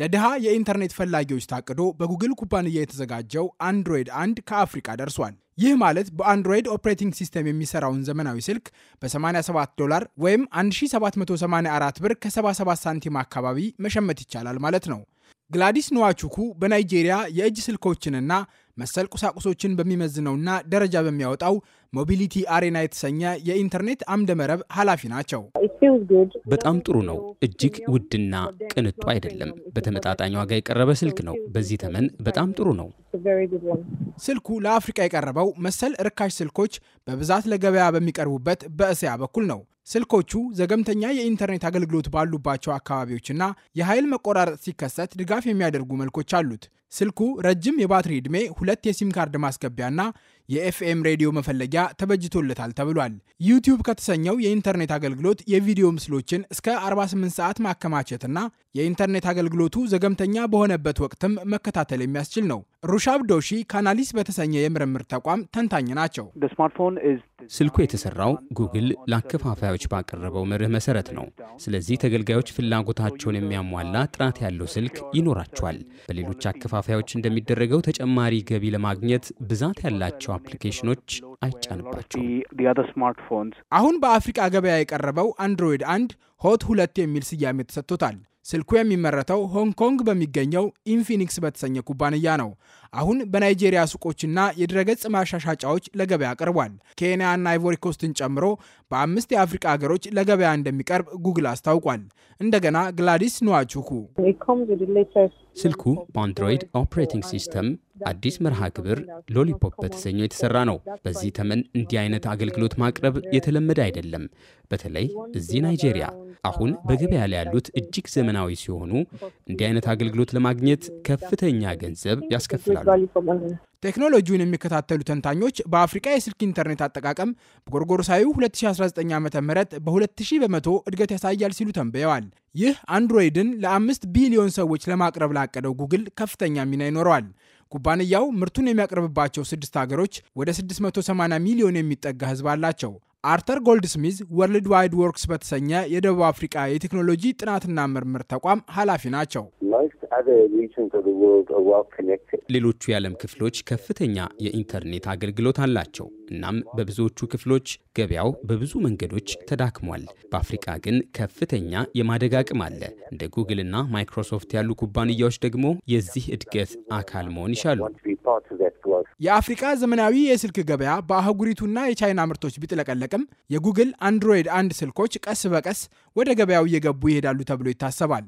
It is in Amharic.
ለድሃ የኢንተርኔት ፈላጊዎች ታቅዶ በጉግል ኩባንያ የተዘጋጀው አንድሮይድ አንድ ከአፍሪቃ ደርሷል። ይህ ማለት በአንድሮይድ ኦፕሬቲንግ ሲስተም የሚሰራውን ዘመናዊ ስልክ በ87 ዶላር ወይም 1784 ብር ከ77 ሳንቲም አካባቢ መሸመት ይቻላል ማለት ነው። ግላዲስ ንዋቹኩ በናይጄሪያ የእጅ ስልኮችንና መሰል ቁሳቁሶችን በሚመዝነውና ደረጃ በሚያወጣው ሞቢሊቲ አሬና የተሰኘ የኢንተርኔት አምደ መረብ ኃላፊ ናቸው። በጣም ጥሩ ነው። እጅግ ውድና ቅንጡ አይደለም። በተመጣጣኝ ዋጋ የቀረበ ስልክ ነው። በዚህ ተመን በጣም ጥሩ ነው። ስልኩ ለአፍሪቃ የቀረበው መሰል ርካሽ ስልኮች በብዛት ለገበያ በሚቀርቡበት በእስያ በኩል ነው። ስልኮቹ ዘገምተኛ የኢንተርኔት አገልግሎት ባሉባቸው አካባቢዎችና የኃይል መቆራረጥ ሲከሰት ድጋፍ የሚያደርጉ መልኮች አሉት። ስልኩ ረጅም የባትሪ ዕድሜ፣ ሁለት የሲም ካርድ ማስገቢያና የኤፍኤም ሬዲዮ መፈለጊያ ተበጅቶለታል ተብሏል። ዩቲዩብ ከተሰኘው የኢንተርኔት አገልግሎት የቪዲዮ ምስሎችን እስከ 48 ሰዓት ማከማቸትና የኢንተርኔት አገልግሎቱ ዘገምተኛ በሆነበት ወቅትም መከታተል የሚያስችል ነው። ሩሻብ ዶሺ ካናሊስ በተሰኘ የምርምር ተቋም ተንታኝ ናቸው። ስልኩ የተሰራው ጉግል ለአከፋፋዮች ባቀረበው መርህ መሰረት ነው። ስለዚህ ተገልጋዮች ፍላጎታቸውን የሚያሟላ ጥራት ያለው ስልክ ይኖራቸዋል። በሌሎች አከፋፋዮች እንደሚደረገው ተጨማሪ ገቢ ለማግኘት ብዛት ያላቸው አፕሊኬሽኖች አይጫንባቸውም። አሁን በአፍሪቃ ገበያ የቀረበው አንድሮይድ አንድ ሆት ሁለት የሚል ስያሜ ተሰጥቶታል። ስልኩ የሚመረተው ሆንግ ኮንግ በሚገኘው ኢንፊኒክስ በተሰኘ ኩባንያ ነው። አሁን በናይጄሪያ ሱቆችና የድረገጽ ማሻሻጫዎች ለገበያ ቀርቧል። ኬንያና አይቮሪኮስትን ጨምሮ በአምስት የአፍሪቃ ሀገሮች ለገበያ እንደሚቀርብ ጉግል አስታውቋል። እንደገና ግላዲስ ንዋቹኩ ስልኩ በአንድሮይድ ኦፕሬቲንግ ሲስተም አዲስ መርሃ ግብር ሎሊፖፕ በተሰኘው የተሰራ ነው። በዚህ ተመን እንዲህ አይነት አገልግሎት ማቅረብ የተለመደ አይደለም። በተለይ እዚህ ናይጄሪያ አሁን በገበያ ላይ ያሉት እጅግ ዘመናዊ ሲሆኑ እንዲህ አይነት አገልግሎት ለማግኘት ከፍተኛ ገንዘብ ያስከፍላሉ። ቴክኖሎጂውን የሚከታተሉ ተንታኞች በአፍሪቃ የስልክ ኢንተርኔት አጠቃቀም በጎርጎሮሳዊ 2019 ዓ ም በ2000 በመቶ እድገት ያሳያል ሲሉ ተንብየዋል። ይህ አንድሮይድን ለአምስት ቢሊዮን ሰዎች ለማቅረብ ላቀደው ጉግል ከፍተኛ ሚና ይኖረዋል። ኩባንያው ምርቱን የሚያቀርብባቸው ስድስት ሀገሮች ወደ 680 ሚሊዮን የሚጠጋ ህዝብ አላቸው። አርተር ጎልድስሚዝ ወርልድ ዋይድ ወርክስ በተሰኘ የደቡብ አፍሪቃ የቴክኖሎጂ ጥናትና ምርምር ተቋም ኃላፊ ናቸው። ሌሎቹ የዓለም ክፍሎች ከፍተኛ የኢንተርኔት አገልግሎት አላቸው። እናም በብዙዎቹ ክፍሎች ገበያው በብዙ መንገዶች ተዳክሟል። በአፍሪቃ ግን ከፍተኛ የማደግ አቅም አለ። እንደ ጉግልና ማይክሮሶፍት ያሉ ኩባንያዎች ደግሞ የዚህ እድገት አካል መሆን ይሻሉ። የአፍሪቃ ዘመናዊ የስልክ ገበያ በአህጉሪቱና የቻይና ምርቶች ቢጥለቀለቅም የጉግል አንድሮይድ አንድ ስልኮች ቀስ በቀስ ወደ ገበያው እየገቡ ይሄዳሉ ተብሎ ይታሰባል።